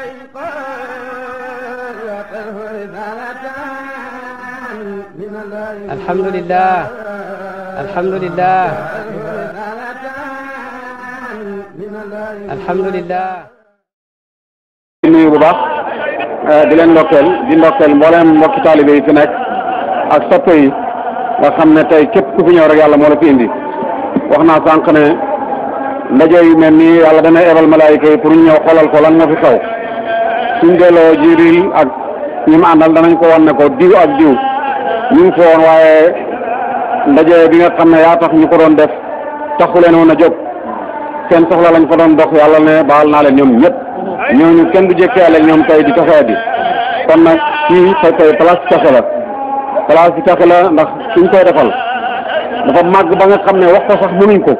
alhamdulilah alhamdulilah alhamdulilah di nuyu bu baax eh, di leen ndokkeel di ndokkeel mbooleem mbokki taalibe yi fi nekk ak soppe yi nga xam ne tey képp ku fi ñëw rek yàlla moo la fi indi wax naa sànq ne yu mel nii yàlla dana ebal malaayika yi pour ñu ñëw xoolal ko lan moo fi xew suñ delloo Jibril ak ñi mu àndal danañ ko wan ne ko diw ak diw ñu ngi fi woon waaye ndaje bi nga xam ne yaa tax ñu ko doon def taxu leen woon a jóg seen soxla lañ fa doon dox yàlla ne baal naa leen ñoom ñëpp ñu kenn du jëkkaale ñoom tey di taxawaay bi kon nag fii tey tey place cafe la place bi cafe la ndax suñ koy defal dafa màgg ba nga xam ne wax ko sax mënuñ ko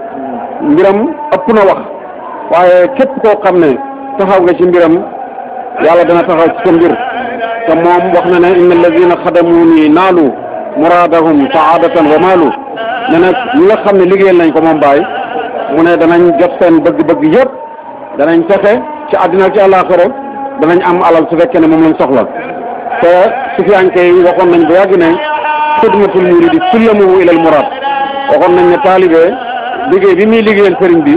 mbiram ëpp na wax waaye képp koo xam ne taxaw nga ci mbiram. yàlla dana taxaw ci sa mbir te moom wax na ne inna alladina ni naalu muraadahum saadatan wa maalu ne nag ñi nga xam ne liggéeyal nañ ko moom Baye mu ne danañ jot seen bëgg-bëgg yëpp danañ texe ci àddina ak ci àllaaxira danañ am alal su fekkee ne moom lañ soxla te sufiyanke yi waxoon nañ bu yàgg ne xidmatul muridi sullamuhu ilal muraad waxoon nañ ne taalibe liggéey bi muy liggéeyal fëriñ bi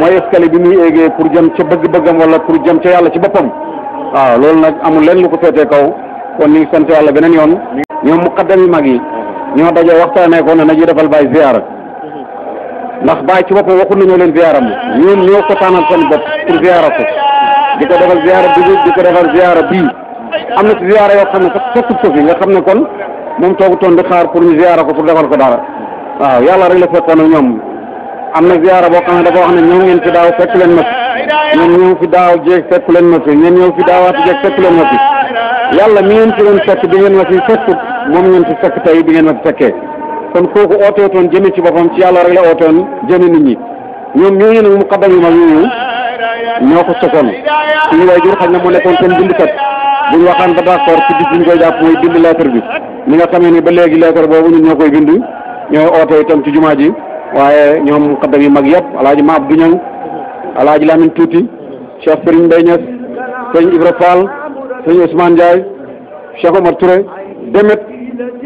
mooy escalier bi muy éegee pour jëm ca bëgg-bëggam wala pour jëm ca yàlla ci boppam waaw loolu nag amul lenn lu ko féetee kaw kon ñu ngi sant yàlla beneen yoon ñoom muqaddam yi mag yi ñoo daje waxtaanee ko ne nañu defal baay ziyaara ndax baay ci boppam waxul nañoo leen ziyaaram ñoom ñoo ko tànnal seen bopp pour ziyaara ko di ko defal ziyaara bi di ko defal ziyaara bii am na ci ziyaara yoo xam ne sax fekkut ko fi nga xam ne kon moom toog di xaar pour ñu ziyaara ko pour defal ko dara waaw yàlla rek la fekkoon ak ñoom am na ziyaara boo xam ne dafa wax ne ñoo ngeen ci leen ma ñun ñëw fi daaw jéeg fekk leen ma fi ñun ñëw fi daawaati jéeg fekk leen ma fi yàlla mi ngeen fi doon fekk bi ngeen ma fi ngeen fi fekk tey bi ngeen ma fi fekkee kon kooku ooteetoon jëme ci ci yàlla rek la ootoon jëme nit ñi ñoom ñooñu nag muqaddam yi mag ñooñu ñoo ko sosoon suñu waajur xaj na mu nekkoon seen bindkat buñ waxaan ba d'accord ci bis biñ koy jàpp mooy bind lettre bi ni nga xamee ni ba léegi lettre boobu ñu ñoo koy bind ñooy oote itam ci jumaa ji waaye ñoom muqaddam yi mag yëpp alaaji ma abdu ñang Alaaji Lamin Tuuti Cheikh Serigne Mbaye Niass Serigne Ibra Fall Serigne Ousmane Ndiaye Cheikh Omar Touré demet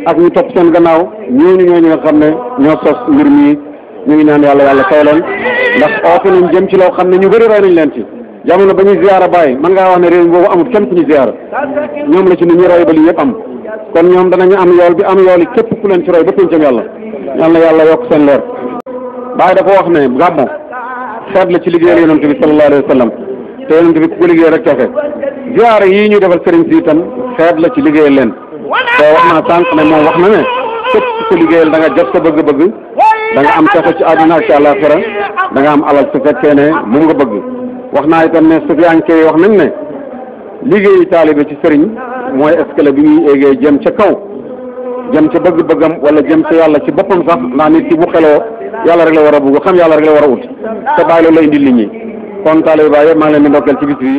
ak ñu topp seen gannaaw ñooñu ñooñu nga xam ne ñoo sos mbir mii ñu ngi ñaan yàlla yàlla fay leen ndax oote nañ jëm ci loo xam ne ñu bëri roy nañ leen ci jamono ba ñuy ziyaara bàyyi man ngaa wax ne réew mi boobu amul kenn ku ñu ziyaara ñoom la ci nit ñi roy ba li ñëpp am kon ñoom danañu am yool bi am yool yi képp ku leen ci roy ba péncam yàlla yàlla yàlla yokk seen leer bàyyi dafa wax ne gàmmo xeet la ci liggéeyal yonent bi sallallahu alayhi wa sallam te yonent bi ku ko liggéey rek texe ziyaara yii ñu defal sëriñ si itam xeet la ci liggéey leen te wax naa sànq ne moom wax na ne képp ku ko liggéeyal da nga jot sa bëgg-bëgg da nga am texe ci àdduna ak ci àllaaxira da nga am alal su fekkee ne moom nga bëgg wax naa itam ne sufiyanke yi wax nañ ne liggéeyu taalibe ci sëriñ mooy escalier bi muy éegee jëm ca kaw jëm ca bëgg-bëggam wala jëm ca yàlla ci boppam sax ndax nit ki bu xeloo yàlla rek la war a bugg xam yàlla rek la war a ut te bàyyi loolu lay indil nit ñi kon taalibe Baay yëpp maa ngi leen di ndokkeel ci bis bi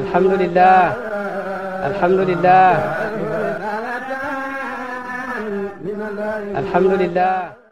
alhamdulillah alhamdulillah alhamdulillah